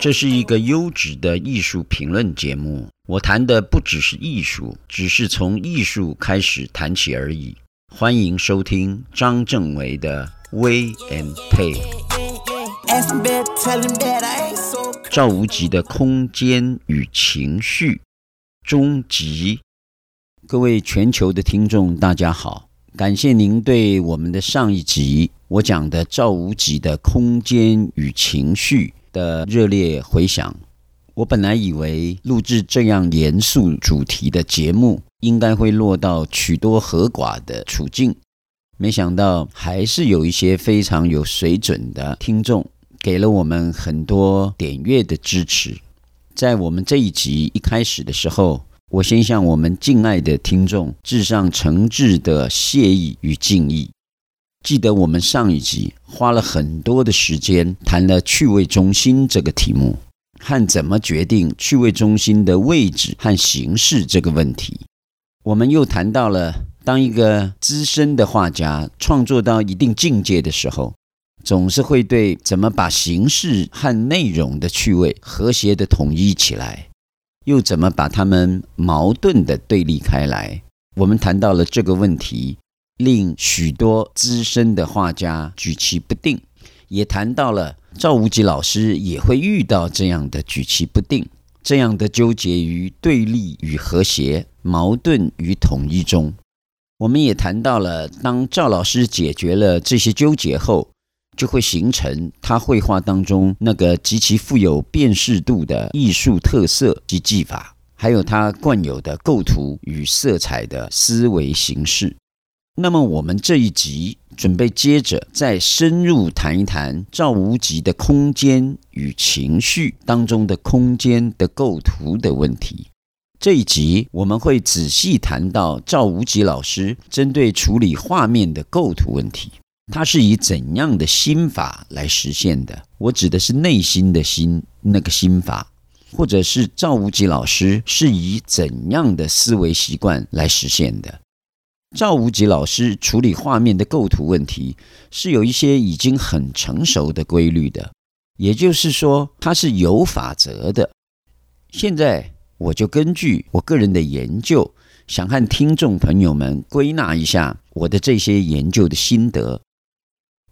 這是一個優質的藝術評論節目。我談的不只是藝術，只是從藝術開始談起而已。歡迎收聽張政維的《We and They》，趙無極的空間與情緒終集。各位全球的聽眾，大家好，感謝您對我們的上一集，我講的趙無極的空間與情緒的熱烈迴響。我本來以為錄制這樣嚴肅主題的節目，應該會落到曲高和寡的處境，沒想到還是有一些非常有水準的聽眾，給了我們很多點閱的支持。在我們這一集一開始的時候，我先向我們敬愛的聽眾致上誠摯的謝意與敬意。記得我們上一集花了很多的時間談了趣味中心這個題目，和怎麼決定趣味中心的位置和形式這個問題。我們又談到了，當一個資深的畫家創作到一定境界的時候，總是會對怎麼把形式和內容的趣味和諧地統一起來，又怎麼把它們矛盾地對立開來。我們談到了這個問題。令許多資深的畫家舉棋不定，也談到了趙無極老師也會遇到這樣的舉棋不定，這樣的糾結於對立與和諧、矛盾與統一中。我們也談到了，當趙老師解決了這些糾結後，就會形成他繪畫當中那個極其富有辨識度的藝術特色及技法，還有他慣有的構圖與色彩的思維形式。那麼我們這一集準備接着再深入談一談趙無極的空間與情緒當中的空間的構圖的問題。這一集我們會仔細談到趙無極老師針對處理畫面的構圖問題，他是以怎樣的心法來實現的？我指的是內心的心，那個心法，或者是趙無極老師是以怎樣的思維習慣來實現的？趙無極老師處理畫面的構圖問題是有一些已經很成熟的規律的，也就是說它是有法則的。現在我就根據我個人的研究，想和聽眾朋友們歸納一下我的這些研究的心得。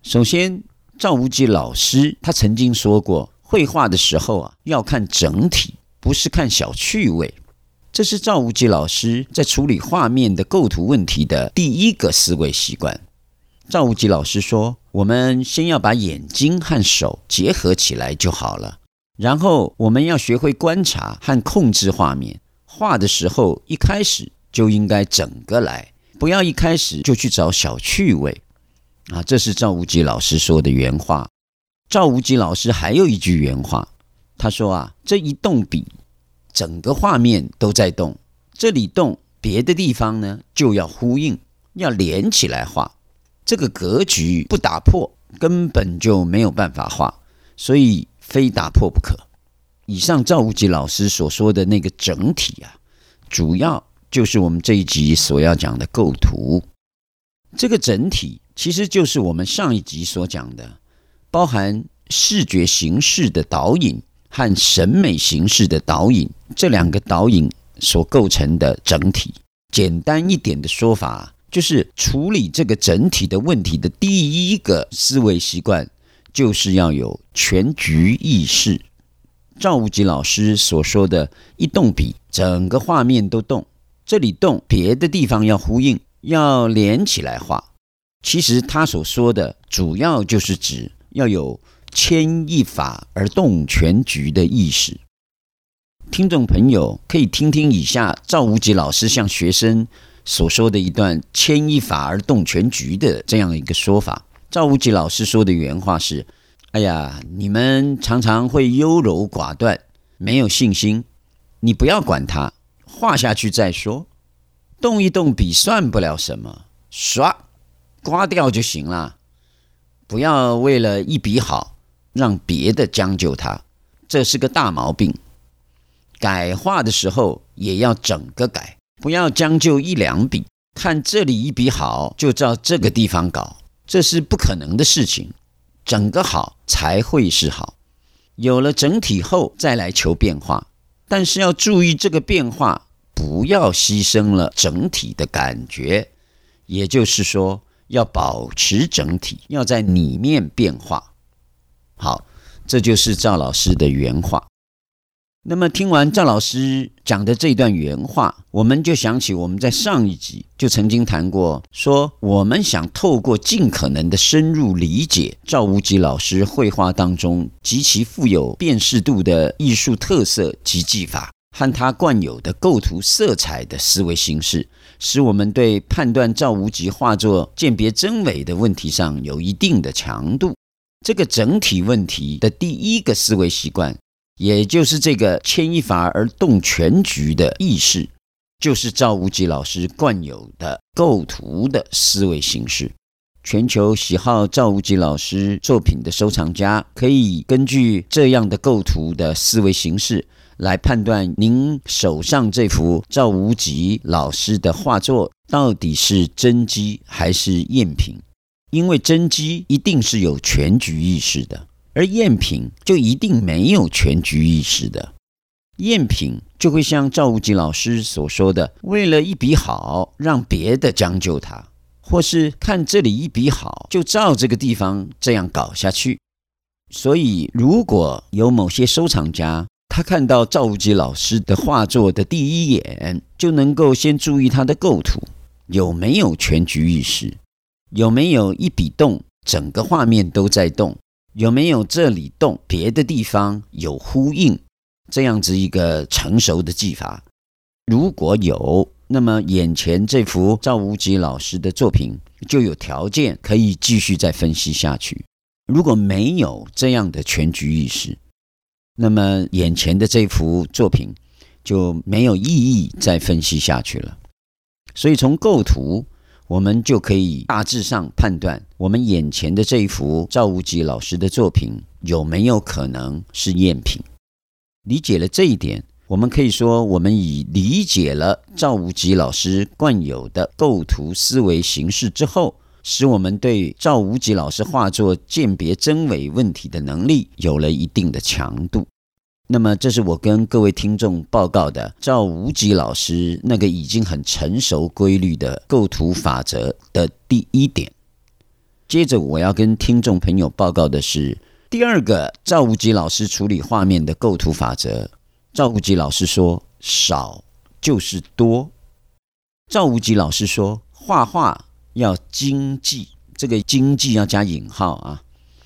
首先，趙無極老師他曾經說過，繪畫的時候啊要看整體，不是看小趣味。這是趙無極老師在處理畫面的構圖問題的第一個思維習慣。趙無極老師說：“我們先要把眼睛和手結合起來就好了，然後我們要學會觀察和控制畫面。畫的時候一開始就應該整個來，不要一開始就去找小趣味。”啊，這是趙無極老師說的原話。趙無極老師還有一句原話，他說：“啊，這一動筆。”整個畫面都在動，這裡動，別的地方呢，就要呼應，要連起來畫。這個格局不打破，根本就沒有辦法畫，所以非打破不可。以上趙無極老師所說的那個整體啊，主要就是我們這一集所要講的構圖。這個整體其實就是我們上一集所講的，包含視覺形式的導引。和審美形式的導引，這兩個導引所構成的整體，簡單一點的說法，就是處理這個整體的問題的第一個思維習慣，就是要有全局意識。趙無極老師所說的“一動筆，整個畫面都動，這裡動，別的地方要呼應，要連起來畫”，其實他所說的主要就是指要有。牽一髮而動全局的意識，聽眾朋友可以聽聽以下趙無極老師向學生所說的一段“牽一髮而動全局”的這樣一個說法。趙無極老師說的原話是：“哎呀，你們常常會優柔寡斷，沒有信心。你不要管他，畫下去再說，動一動筆算不了什麼，刷，刮掉就行了。不要為了一筆好。”讓別的將就它，這是個大毛病。改畫的時候也要整個改，不要將就一兩筆，看這裡一筆好就照這個地方搞，這是不可能的事情。整個好才會是好，有了整體後再來求變化，但是要注意這個變化不要犧牲了整體的感覺，也就是說要保持整體，要在裡面變化。好，這就是趙老師的原話。那麼聽完趙老師講的這段原話，我們就想起我們在上一集就曾經談過，說我們想透過盡可能的深入理解趙無極老師繪畫當中極其富有辨識度的藝術特色及技法，和他慣有的構圖、色彩的思維形式，使我們對判斷趙無極畫作鑑別真偽的問題上有一定的強度。這個整體問題的第一個思維習慣，也就是這個牽一髮而動全局的意識，就是趙無極老師慣有的構圖的思維形式。全球喜好趙無極老師作品的收藏家，可以根據這樣的構圖的思維形式來判斷您手上這幅趙無極老師的畫作到底是真跡還是贗品。因為真跡一定是有全局意識的，而贗品就一定沒有全局意識的。贗品就會像趙無極老師所說的：“為了一筆好，讓別的將就它；或是看這裡一筆好，就照這個地方這樣搞下去。”所以，如果有某些收藏家，他看到趙無極老師的畫作的第一眼，就能夠先注意他的構圖有沒有全局意識。有沒有一筆動，整個畫面都在動？有沒有這裡動，別的地方有呼應？這樣子一個成熟的技法，如果有，那麼眼前這幅趙無極老師的作品就有條件可以繼續再分析下去。如果沒有這樣的全局意識，那麼眼前的這幅作品就沒有意義再分析下去了。所以從構圖，我們就可以大致上判斷，我們眼前的這一幅趙無極老師的作品有沒有可能是贗品。理解了這一點，我們可以說，我們已理解了趙無極老師慣有的構圖思維形式之後，使我們對趙無極老師畫作鑑別真偽問題的能力有了一定的強度。那麼，這是我跟各位聽眾報告的趙無極老師那個已經很成熟規律的構圖法則的第一點。接着，我要跟聽眾朋友報告的是第二個趙無極老師處理畫面的構圖法則。趙無極老師說：“少就是多。”趙無極老師說：“畫畫要經濟，這個經濟要加引號啊，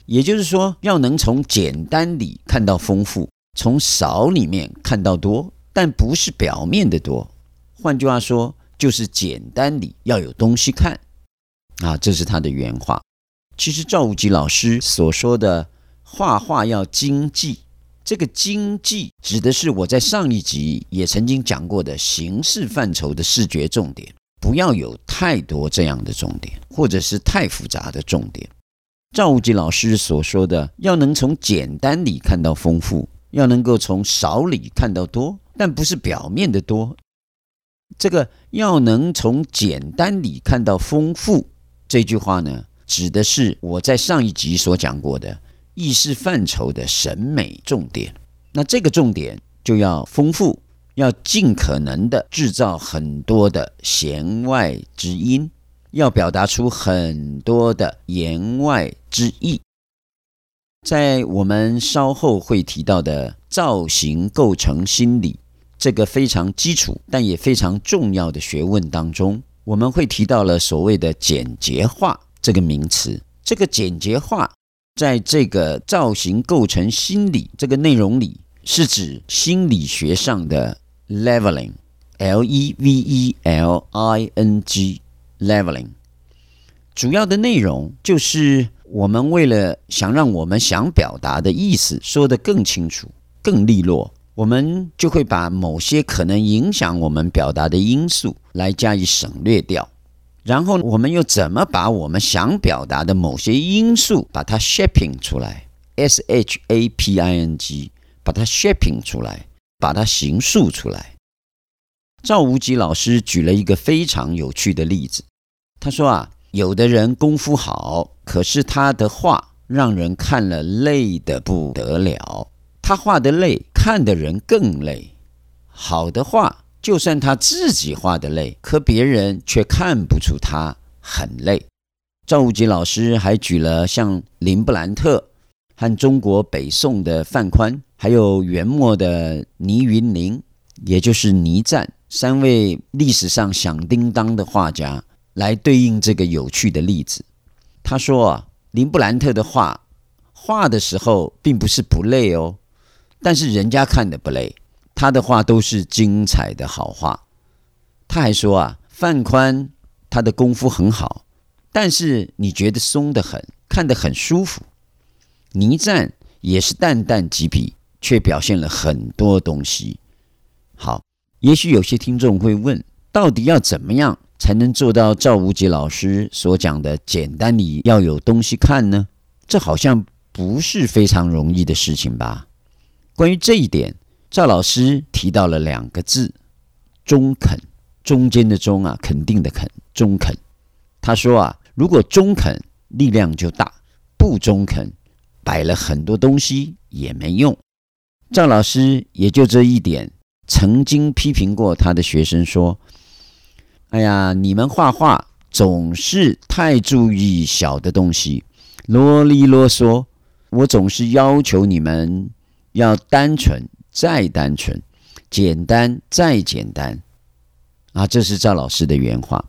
也就是說，要能從簡單裡看到豐富。”從少裡面看到多，但不是表面的多。換句話說，就是簡單裡要有東西看。啊，這是他的原話。其實趙無極老師所說的“畫畫要經濟”，這個“經濟”指的是我在上一集也曾經講過的形式範疇的視覺重點，不要有太多這樣的重點，或者是太複雜的重點。趙無極老師所說的，要能從簡單裡看到豐富。要能夠從少裡看到多，但不是表面的多。這個要能從簡單裡看到豐富，這句話呢，指的是我在上一集所講過的意識範疇的審美重點。那這個重點就要豐富，要盡可能的制造很多的弦外之音，要表達出很多的言外之意。在我們稍後會提到的造型構成心理這個非常基礎但也非常重要的學問當中，我們會提到了所謂的簡潔化這個名詞。這個簡潔化在這個造型構成心理這個內容裡，是指心理學上的 leveling，L-E-V-E-L-I-N-G，leveling。主要的內容就是。我們為了想讓我們想表達的意思說得更清楚、更利落，我們就會把某些可能影響我們表達的因素來加以省略掉。然後，我們又怎麼把我們想表達的某些因素把它 shaping 出來？S H A P I N G，把它 shaping 出來，把它形塑出來。趙無極老師舉了一個非常有趣的例子，他說啊。有的人功夫好，可是他的畫讓人看了累得不得了。他畫的累，看的人更累。好的畫，就算他自己畫的累，可別人卻看不出他很累。趙無極老師還舉了像林布蘭特和中國北宋的范寬，還有元末的倪雲林，也就是倪瓚，三位歷史上響叮噹的畫家。來對應這個有趣的例子，他說啊，林布蘭特的畫畫的時候並不是不累哦，但是人家看的不累，他的畫都是精彩的好畫。他還說啊，范寬他的功夫很好，但是你覺得鬆的很，看的很舒服。倪瓚也是淡淡幾筆，卻表現了很多東西。好，也許有些聽眾會問，到底要怎麼樣？才能做到趙無極老師所講的簡單裡要有東西看呢？這好像不是非常容易的事情吧？關於這一點，趙老師提到了兩個字：中肯。中間的中啊，肯定的肯，中肯。他說啊，如果中肯，力量就大；不中肯，擺了很多東西也沒用。趙老師也就這一點，曾經批評過他的學生說。哎呀，你們畫畫總是太注意小的東西，囉里囉嗦。我總是要求你們要單純再單純，簡單再簡單。啊，這是趙老師的原話。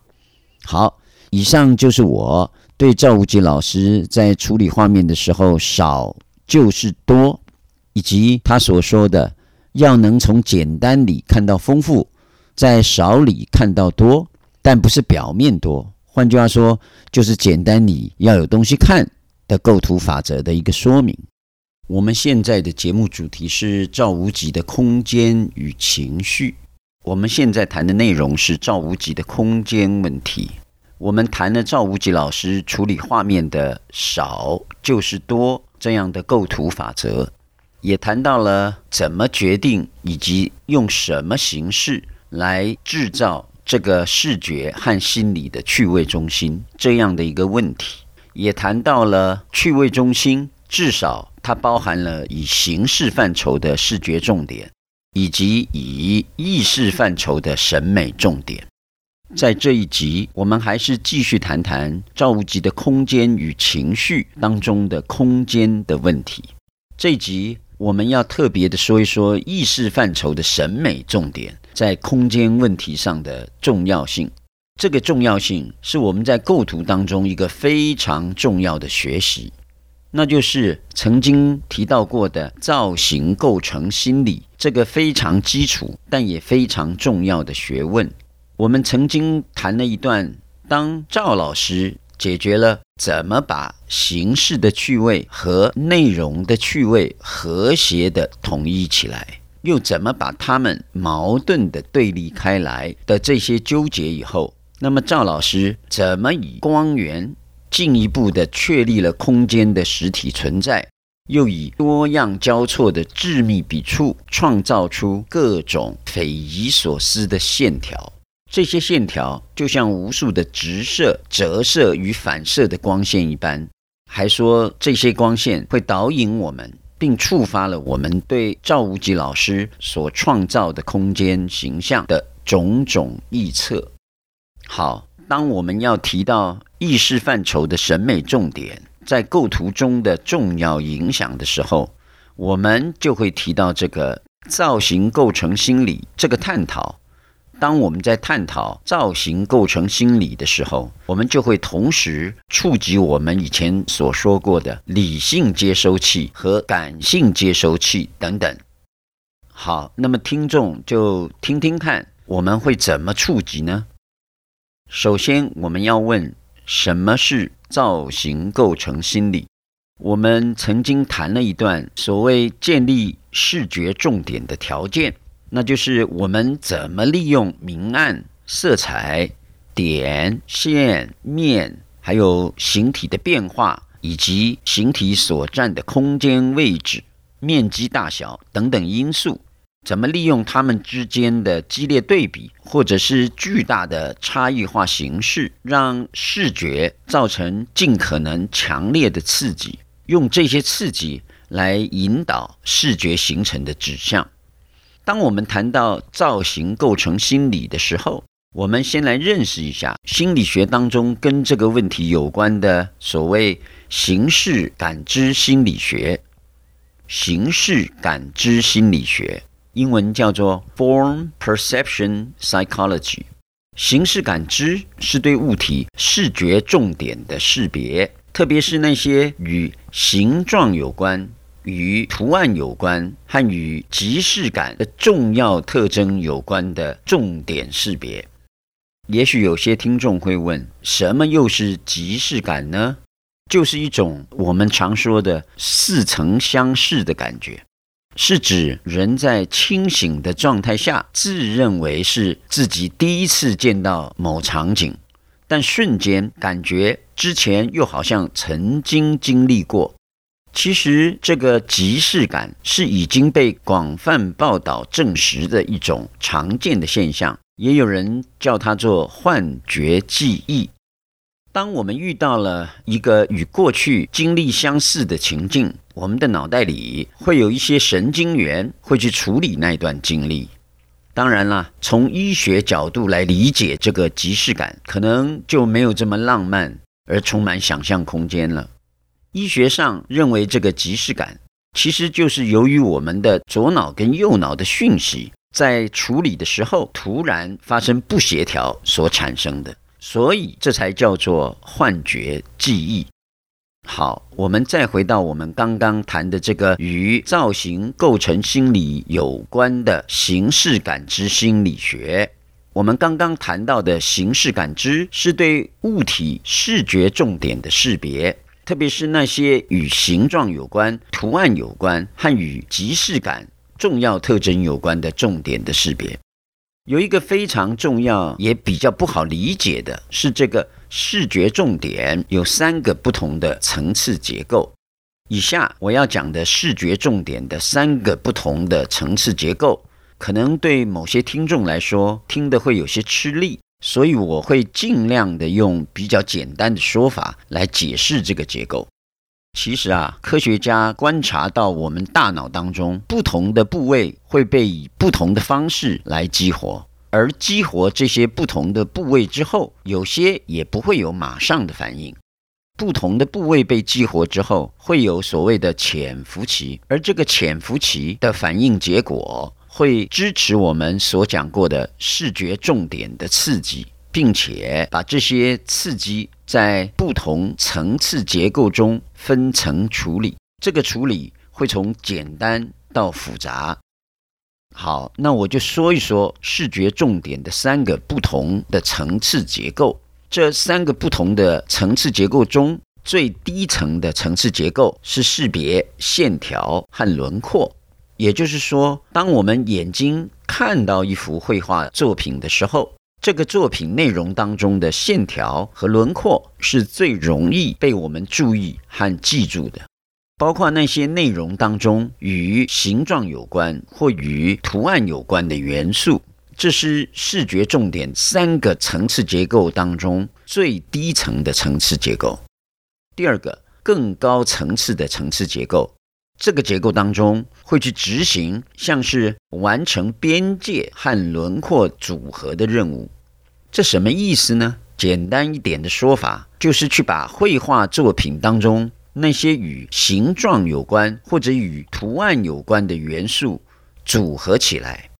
好，以上就是我對趙無極老師在處理畫面的時候“少就是多”，以及他所說的要能從簡單裡看到豐富。在少裡看到多，但不是表面多。換句話說，就是簡單裡要有東西看的構圖法則的一個說明。我們現在的節目主題是趙無極的空間與情緒。我們現在談的內容是趙無極的空間問題。我們談了趙無極老師處理畫面的少就是多這樣的構圖法則，也談到了怎麼決定以及用什麼形式。來製造這個視覺和心理的趣味中心這樣的一個問題，也談到了趣味中心，至少它包含了以形式範疇的視覺重點，以及以意識範疇的審美重點。在這一集，我們還是繼續談談趙無極的空間與情緒當中的空間的問題。這一集我們要特別的說一說意識範疇的審美重點。在空間問題上的重要性，這個重要性是我們在構圖當中一個非常重要的學習，那就是曾經提到過的造型構成心理，這個非常基礎，但也非常重要的學問。我們曾經談了一段，當趙老師解決了怎麼把形式的趣味和內容的趣味和諧地統一起來。又怎麼把他們矛盾的對立開來的這些糾結以後，那麼趙老師怎麼以光源進一步的確立了空間的實體存在，又以多樣交錯的致密筆觸創造出各種匪夷所思的線條？這些線條就像無數的直射、折射與反射的光線一般，還說這些光線會導引我們。並觸發了我們對趙無極老師所創造的空間形象的種種臆測。好，當我們要提到意識範疇的審美重點在構圖中的重要影響的時候，我們就會提到這個造型構成心理這個探討。當我們在探討造型構成心理的時候，我們就會同時觸及我們以前所說過的理性接收器和感性接收器等等。好，那麼聽眾就聽聽看，我們會怎麼觸及呢？首先，我們要問，什麼是造型構成心理？我們曾經談了一段所謂建立視覺重點的條件。那就是我們怎麼利用明暗、色彩、點、線、面，還有形體的變化，以及形體所占的空間位置、面積大小等等因素，怎麼利用它們之間的激烈對比，或者是巨大的差異化形式，讓視覺造成盡可能強烈的刺激，用這些刺激來引導視覺形成的指向。當我們談到造型構成心理的時候，我們先來認識一下心理學當中跟這個問題有關的所謂形式感知心理學。形式感知心理學，英文叫做 form perception psychology。形式感知是對物體視覺重點的識別，特別是那些與形狀有關。與圖案有關和與即視感的重要特徵有關的重點識別，也許有些聽眾會問：什麼又是即視感呢？就是一種我們常說的似曾相識的感覺，是指人在清醒的狀態下，自認為是自己第一次見到某場景，但瞬間感覺之前又好像曾經經歷過。其實，這個即視感是已經被廣泛報道證實的一種常見的現象，也有人叫它做幻覺記憶。當我們遇到了一個與過去經歷相似的情境，我們的腦袋裡會有一些神經元會去處理那段經歷。當然啦，從醫學角度來理解這個即視感，可能就沒有這麼浪漫而充滿想象空間了。醫學上認為，這個即視感其實就是由於我們的左腦跟右腦的訊息在處理的時候突然發生不協調所產生的，所以這才叫做幻覺記憶。好，我們再回到我們剛剛談的這個與造型構成心理有關的形式感知心理學。我們剛剛談到的形式感知是對物體視覺重點的識別。特別是那些與形狀有關、圖案有關，和與即視感重要特徵有關的重點的識別，有一個非常重要也比較不好理解的是，這個視覺重點有三個不同的層次結構。以下我要講的視覺重點的三個不同的層次結構，可能對某些聽眾來說聽得會有些吃力。所以我會盡量的用比較簡單的說法來解釋這個結構。其實啊，科學家觀察到我們大腦當中不同的部位會被以不同的方式來激活，而激活這些不同的部位之後，有些也不會有馬上的反應。不同的部位被激活之後，會有所謂的潛伏期，而這個潛伏期的反應結果。會支持我們所講過的視覺重點的刺激，並且把這些刺激在不同層次結構中分層處理。這個處理會從簡單到複雜。好，那我就說一說視覺重點的三個不同的層次結構。這三個不同的層次結構中，最低層的層次結構是識別線條和輪廓。也就是說，當我們眼睛看到一幅繪畫作品的時候，這個作品內容當中的線條和輪廓是最容易被我們注意和記住的，包括那些內容當中與形狀有關或與圖案有關的元素。這是視覺重點三個層次結構當中最低層的層次結構。第二個，更高層次的層次結構。這個結構當中會去執行像是完成邊界和輪廓組合的任務，這什麼意思呢？簡單一點的說法就是去把繪畫作品當中那些與形狀有關或者與圖案有關的元素組合起來。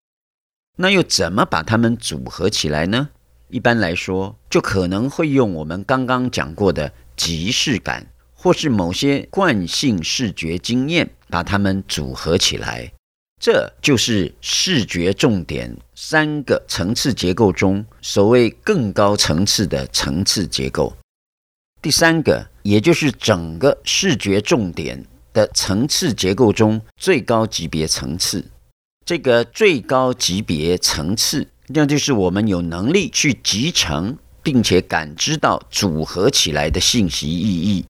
那又怎麼把它們組合起來呢？一般來說，就可能會用我們剛剛講過的即視感。或是某些慣性視覺經驗，把它們組合起來，這就是視覺重點三個層次結構中所謂更高層次的層次結構。第三個，也就是整個視覺重點的層次結構中最高級別層次。這個最高級別層次，那就是我們有能力去集成並且感知到組合起來的信息意義。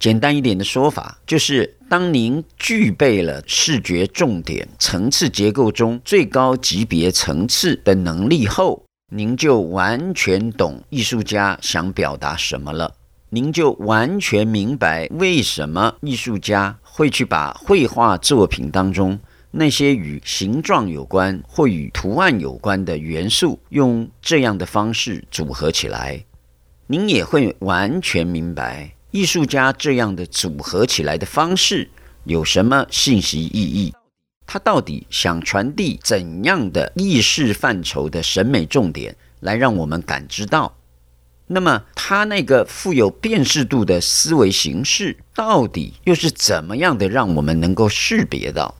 簡單一點的說法就是，當您具備了視覺重點層次結構中最高級別層次的能力後，您就完全懂藝術家想表達什麼了。您就完全明白為什麼藝術家會去把繪畫作品當中那些與形狀有關或與圖案有關的元素用這樣的方式組合起來。您也會完全明白。藝術家這樣的組合起來的方式有什麼信息意義？他到底想傳遞怎樣的意識範疇的審美重點來讓我們感知到？那麼他那個富有辨識度的思維形式到底又是怎麼樣的讓我們能夠識別到？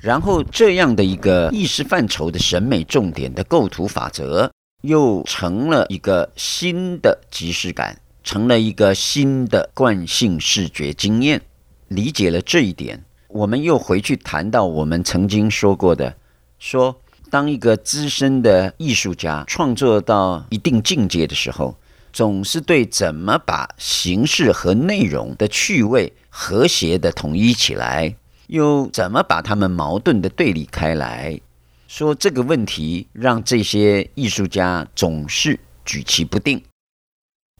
然後這樣的一個意識範疇的審美重點的構圖法則又成了一個新的即視感。成了一個新的慣性視覺經驗。理解了這一點，我們又回去談到我們曾經說過的：說當一個資深的藝術家創作到一定境界的時候，總是對怎麼把形式和內容的趣味和諧地統一起來，又怎麼把他們矛盾地對立開來，說這個問題讓這些藝術家總是舉棋不定。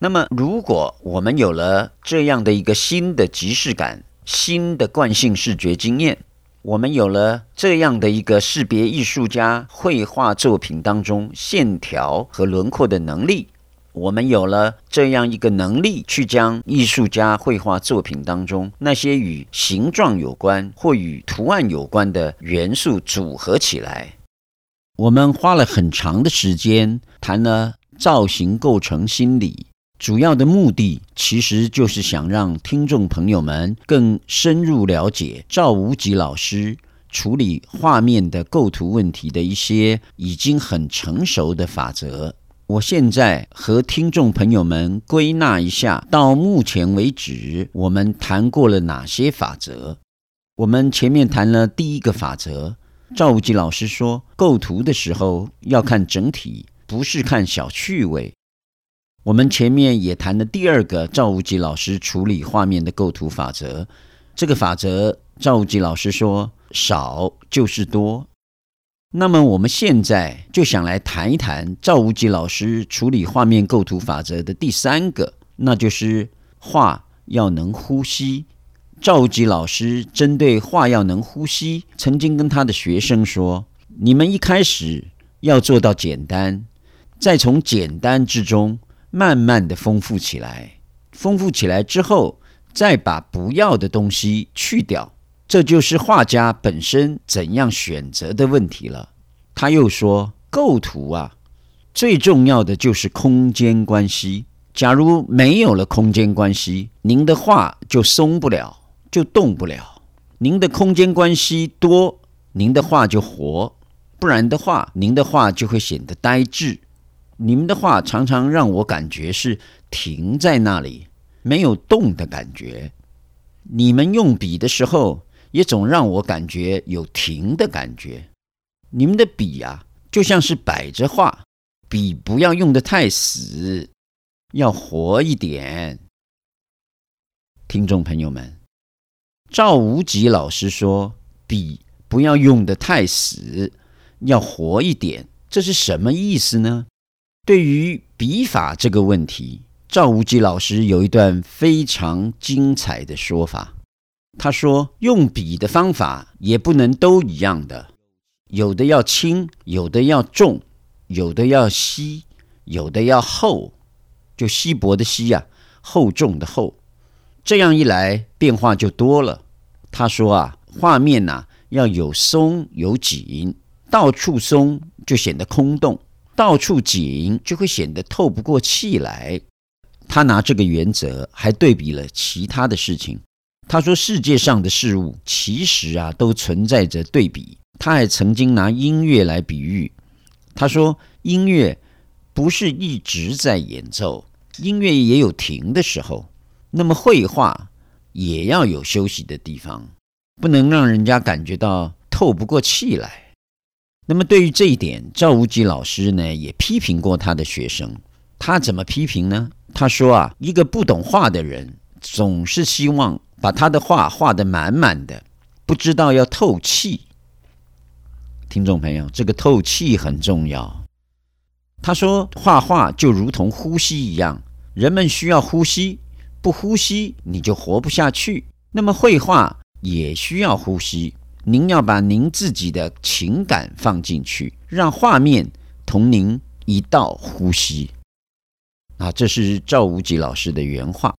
那麼，如果我們有了這樣的一個新的即視感、新的慣性視覺經驗，我們有了這樣的一個識別藝術家繪畫作品當中線條和輪廓的能力，我們有了這樣一個能力去將藝術家繪畫作品當中那些與形狀有關或與圖案有關的元素組合起來。我們花了很長的時間談了造型構成心理。主要的目的其實就是想讓聽眾朋友們更深入了解趙無極老師處理畫面的構圖問題的一些已經很成熟的法則。我現在和聽眾朋友們歸納一下，到目前為止我們談過了哪些法則？我們前面談了第一個法則，趙無極老師說，構圖的時候要看整體，不是看小趣味。我們前面也談了第二個趙無極老師處理畫面的構圖法則，這個法則趙無極老師說少就是多。那麼我們現在就想來談一談趙無極老師處理畫面構圖法則的第三個，那就是畫要能呼吸。趙無極老師針對畫要能呼吸，曾經跟他的學生說：“你們一開始要做到簡單，再從簡單之中。”慢慢地豐富起來，豐富起來之後，再把不要的東西去掉，這就是畫家本身怎樣選擇的問題了。他又說，構圖啊，最重要的就是空間關係。假如沒有了空間關係，您的畫就鬆不了，就動不了。您的空間關係多，您的畫就活；不然的話，您的畫就會顯得呆滯。你們的畫常常讓我感覺是停在那裡，沒有動的感覺。你們用筆的時候也總讓我感覺有停的感覺。你們的筆啊，就像是擺着畫，筆不要用得太死，要活一點。聽眾朋友們，趙無極老師說：“筆不要用得太死，要活一點。”這是什麼意思呢？對於筆法這個問題，趙無極老師有一段非常精彩的說法。他說，用筆的方法也不能都一樣的，有的要輕，有的要重，有的要稀，有的要厚，就稀薄的稀呀、啊，厚重的厚。這樣一來，變化就多了。他說啊，畫面吶、啊、要有鬆有緊，到處鬆就顯得空洞。到處緊就會顯得透不過氣來。他拿這個原則還對比了其他的事情。他說，世界上的事物其實啊都存在着對比。他還曾經拿音樂來比喻。他說，音樂不是一直在演奏，音樂也有停的時候。那麼繪畫也要有休息的地方，不能讓人家感覺到透不過氣來。那麼對於這一點，趙無極老師呢也批評過他的學生。他怎麼批評呢？他說啊，一個不懂畫的人，總是希望把他的畫畫得滿滿的，不知道要透氣。聽眾朋友，這個透氣很重要。他說，畫畫就如同呼吸一樣，人們需要呼吸，不呼吸你就活不下去。那麼繪畫也需要呼吸。您要把您自己的情感放進去，讓畫面同您一道呼吸。啊，這是趙無極老師的原話。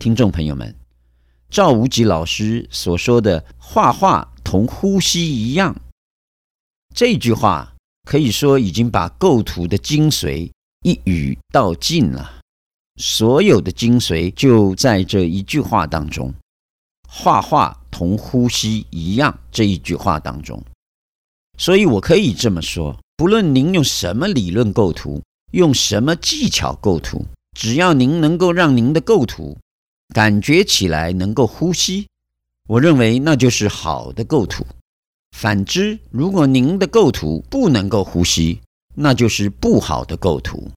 聽眾朋友們，趙無極老師所說的“畫畫同呼吸一樣”這一句話，可以說已經把構圖的精髓一語道盡了。所有的精髓就在這一句話當中。畫畫同呼吸一樣，這一句話當中。所以我可以這麼說，不論您用什麼理論構圖，用什麼技巧構圖，只要您能夠讓您的構圖感覺起來能夠呼吸，我認為那就是好的構圖。反之，如果您的構圖不能夠呼吸，那就是不好的構圖。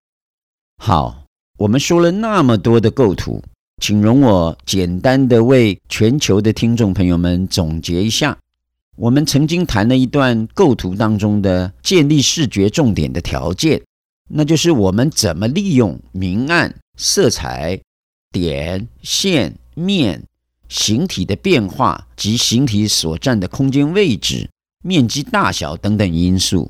好，我們說了那麼多的構圖。請容我簡單的為全球的聽眾朋友們總結一下，我們曾經談了一段構圖當中的建立視覺重點的條件，那就是我們怎麼利用明暗、色彩、點、線、面、形體的變化及形體所佔的空間位置、面積大小等等因素，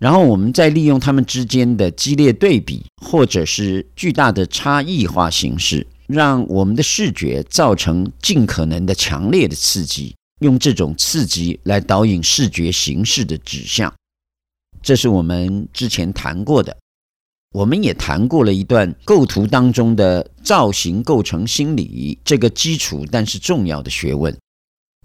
然後我們再利用它們之間的激烈對比或者是巨大的差異化形式，讓我們的視覺造成盡可能的強烈的刺激，用這種刺激來導引視覺形式的指向。這是我們之前談過的，我們也談過了一段構圖當中的造型構成心理，這個基礎但是重要的學問，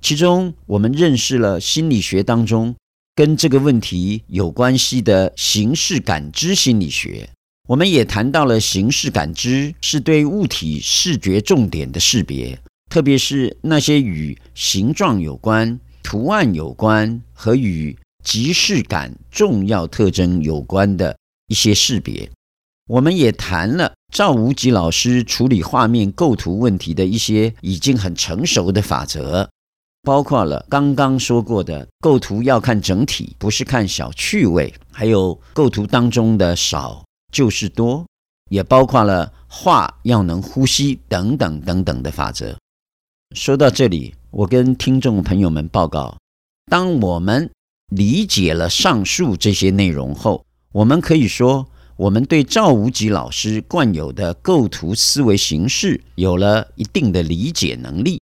其中我們認識了心理學當中跟這個問題有關係的形式感知心理學。我們也談到了形式感知是對物體視覺重點的識別，特別是那些與形狀有關、圖案有關和與即視感重要特徵有關的一些識別。我們也談了趙無極老師處理畫面構圖問題的一些已經很成熟的法則，包括了剛剛說過的構圖要看整體，不是看小趣味，還有構圖當中的少，就是多，也包括了畫要能呼吸等等等等的法則。說到這裡，我跟聽眾朋友們報告，當我們理解了上述這些內容後，我們可以說，我們對趙無極老師慣有的構圖思維形式有了一定的理解能力。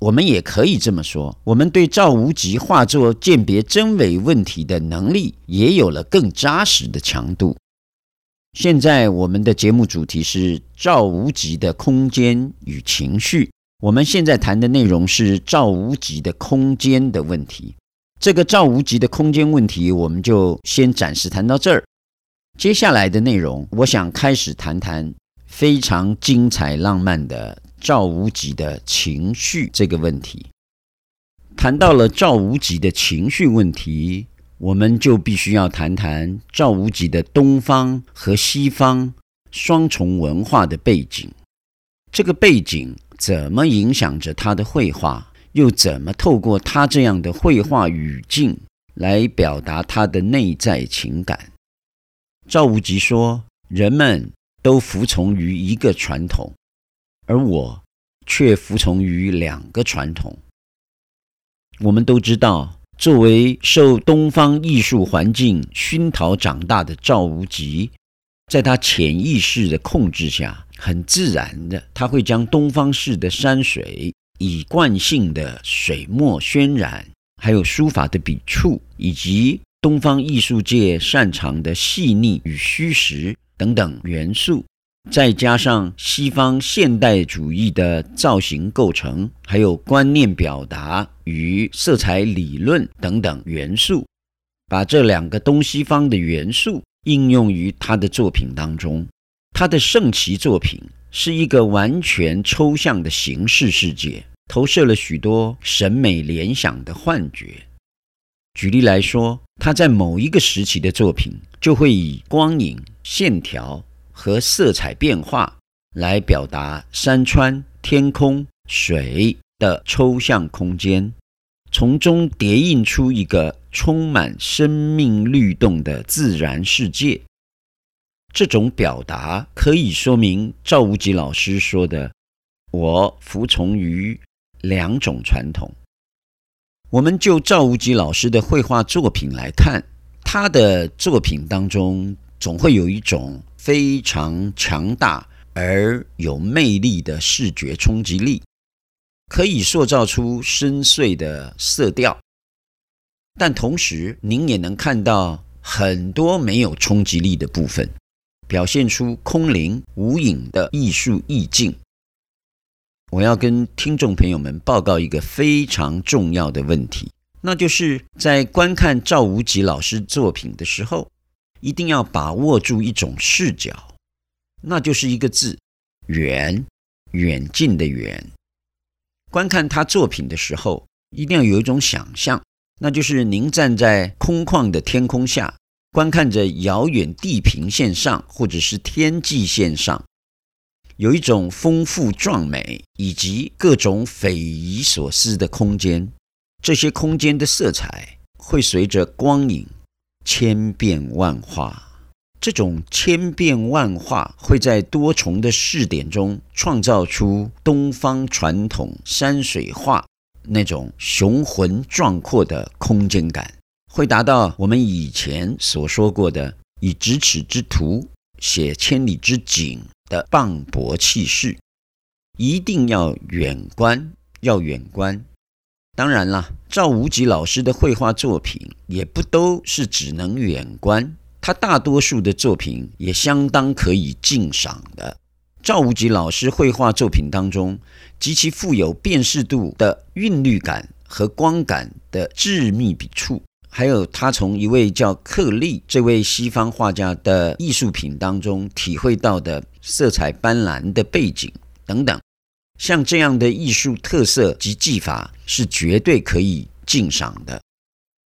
我們也可以這麼說，我們對趙無極畫作鑒別真偽問題的能力也有了更扎實的強度。現在我們的節目主題是趙無極的空間與情緒。我們現在談的內容是趙無極的空間的問題。這個趙無極的空間問題，我們就先暫時談到這兒。接下來的內容，我想開始談談非常精彩浪漫的趙無極的情緒這個問題。談到了趙無極的情緒問題，我們就必須要談談趙無極的東方和西方雙重文化的背景，這個背景怎麼影響着他的繪畫，又怎麼透過他這樣的繪畫語境來表達他的內在情感？趙無極說：“人們都服從於一個傳統，而我卻服從於兩個傳統。”我們都知道。作為受東方藝術環境熏陶長大的趙無極，在他潛意識的控制下，很自然的他會將東方式的山水以慣性的水墨渲染，還有書法的筆觸，以及東方藝術界擅長的細膩與虛實等等元素。再加上西方現代主義的造型構成，還有觀念表達與色彩理論等等元素，把這兩個東西方的元素應用於他的作品當中。他的盛期作品是一個完全抽象的形式世界，投射了許多審美聯想的幻覺。舉例來說，他在某一個時期的作品，就會以光影、線條。和色彩變化來表達山川、天空、水的抽象空間，從中疊印出一個充滿生命律動的自然世界。這種表達可以說明趙無極老師說的：“我服從於兩種傳統。”我們就趙無極老師的繪畫作品來看，他的作品當中總會有一種。非常強大而有魅力的視覺衝擊力，可以塑造出深邃的色調，但同時您也能看到很多沒有衝擊力的部分，表現出空靈無影的藝術意境。我要跟聽眾朋友們報告一個非常重要的問題，那就是在觀看趙無極老師作品的時候。一定要把握住一種視角，那就是一個字“遠”，遠近的“遠”。觀看他作品的時候，一定要有一種想象，那就是您站在空曠的天空下，觀看着遙遠地平線上或者是天際線上，有一種豐富壯美以及各種匪夷所思的空間。這些空間的色彩會隨着光影。千變萬化，這種千變萬化會在多重的視點中創造出東方傳統山水畫那種雄渾壯闊的空間感，會達到我們以前所說過的“以咫尺之圖寫千里之景”的磅礴氣勢。一定要遠觀，要遠觀。當然了，趙無極老師的繪畫作品也不都是只能遠觀，他大多數的作品也相當可以近賞的。趙無極老師繪畫作品當中，極其富有辨識度的韻律感和光感的緻密筆觸，還有他從一位叫克利這位西方畫家的藝術品當中體會到的色彩斑斕的背景等等。像這樣的藝術特色及技法是絕對可以鑑賞的。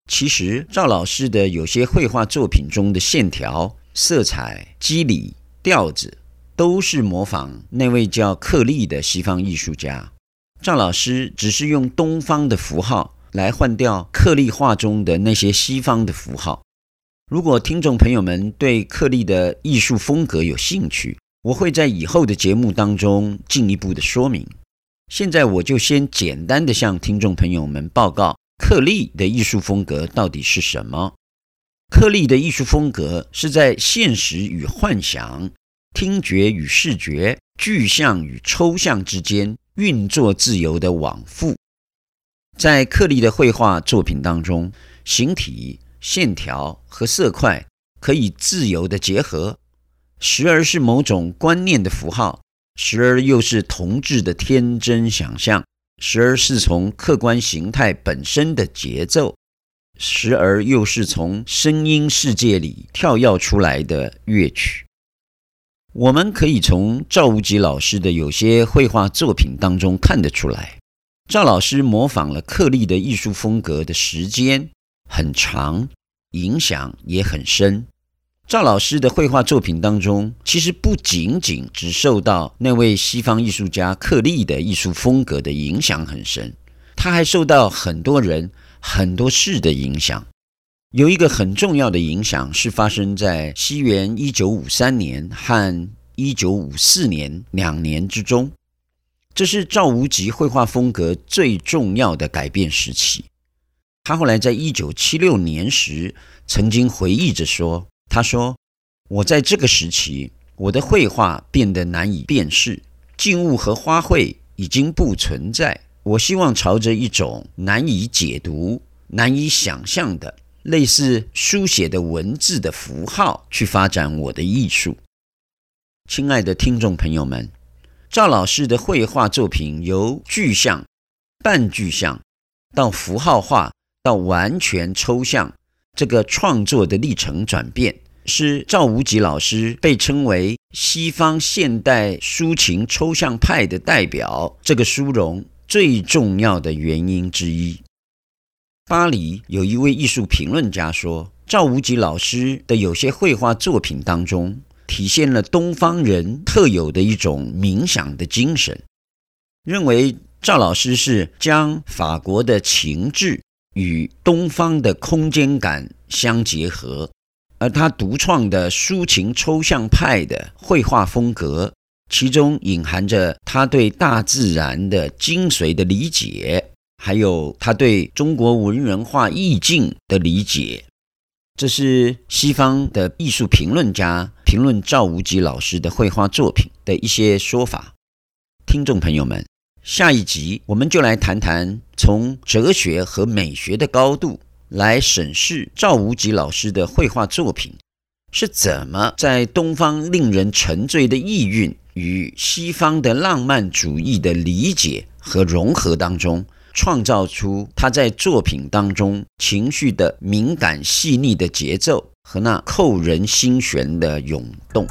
其實趙老師的有些繪畫作品中的線條、色彩、肌理、調子，都是模仿那位叫克利的西方藝術家。趙老師只是用東方的符號來換掉克利畫中的那些西方的符號。如果聽眾朋友們對克利的藝術風格有興趣，我會在以後的節目當中進一步的說明。現在我就先簡單的向聽眾朋友們報告克利的藝術風格到底是什麼。克利的藝術風格是在現實與幻想、聽覺與視覺、具象與抽象之間運作自由的往復。在克利的繪畫作品當中，形體、線條和色塊可以自由的結合。時而是某種觀念的符號，時而又是童稚的天真想象，時而是從客觀形態本身的節奏，時而又是從聲音世界裡跳躍出來的樂曲。我們可以從趙無極老師的有些繪畫作品當中看得出來，趙老師模仿了克利的藝術風格的時間很長，影響也很深。趙老師的繪畫作品當中，其實不僅僅只受到那位西方藝術家克利的藝術風格的影響很深，他還受到很多人、很多事的影響。有一個很重要的影響是發生在西元1953年和1954年兩年之中，這是趙無極繪畫風格最重要的改變時期。他後來在1976年時曾經回憶着說。他說：“我在這個時期，我的繪畫變得難以辨識，靜物和花卉已經不存在。我希望朝着一種難以解讀、難以想象的類似書寫的文字的符號去發展我的藝術。”親愛的聽眾朋友們，趙老師的繪畫作品由具象、半具象到符號化，到完全抽象。這個創作的歷程轉變，是趙無極老師被稱為西方現代抒情抽象派的代表這個殊榮最重要的原因之一。巴黎有一位藝術評論家說，趙無極老師的有些繪畫作品當中，體現了東方人特有的一種冥想的精神，認為趙老師是將法國的情致。與東方的空間感相結合，而他獨創的抒情抽象派的繪畫風格，其中隱含着他對大自然的精髓的理解，還有他對中國文人畫意境的理解。這是西方的藝術評論家評論趙無極老師的繪畫作品的一些說法。聽眾朋友們。下一集，我們就來談談從哲學和美學的高度來審視趙無極老師的繪畫作品，是怎麼在東方令人沉醉的意蘊與西方的浪漫主義的理解和融合當中，創造出他在作品當中情緒的敏感、細膩的節奏和那扣人心弦的湧動。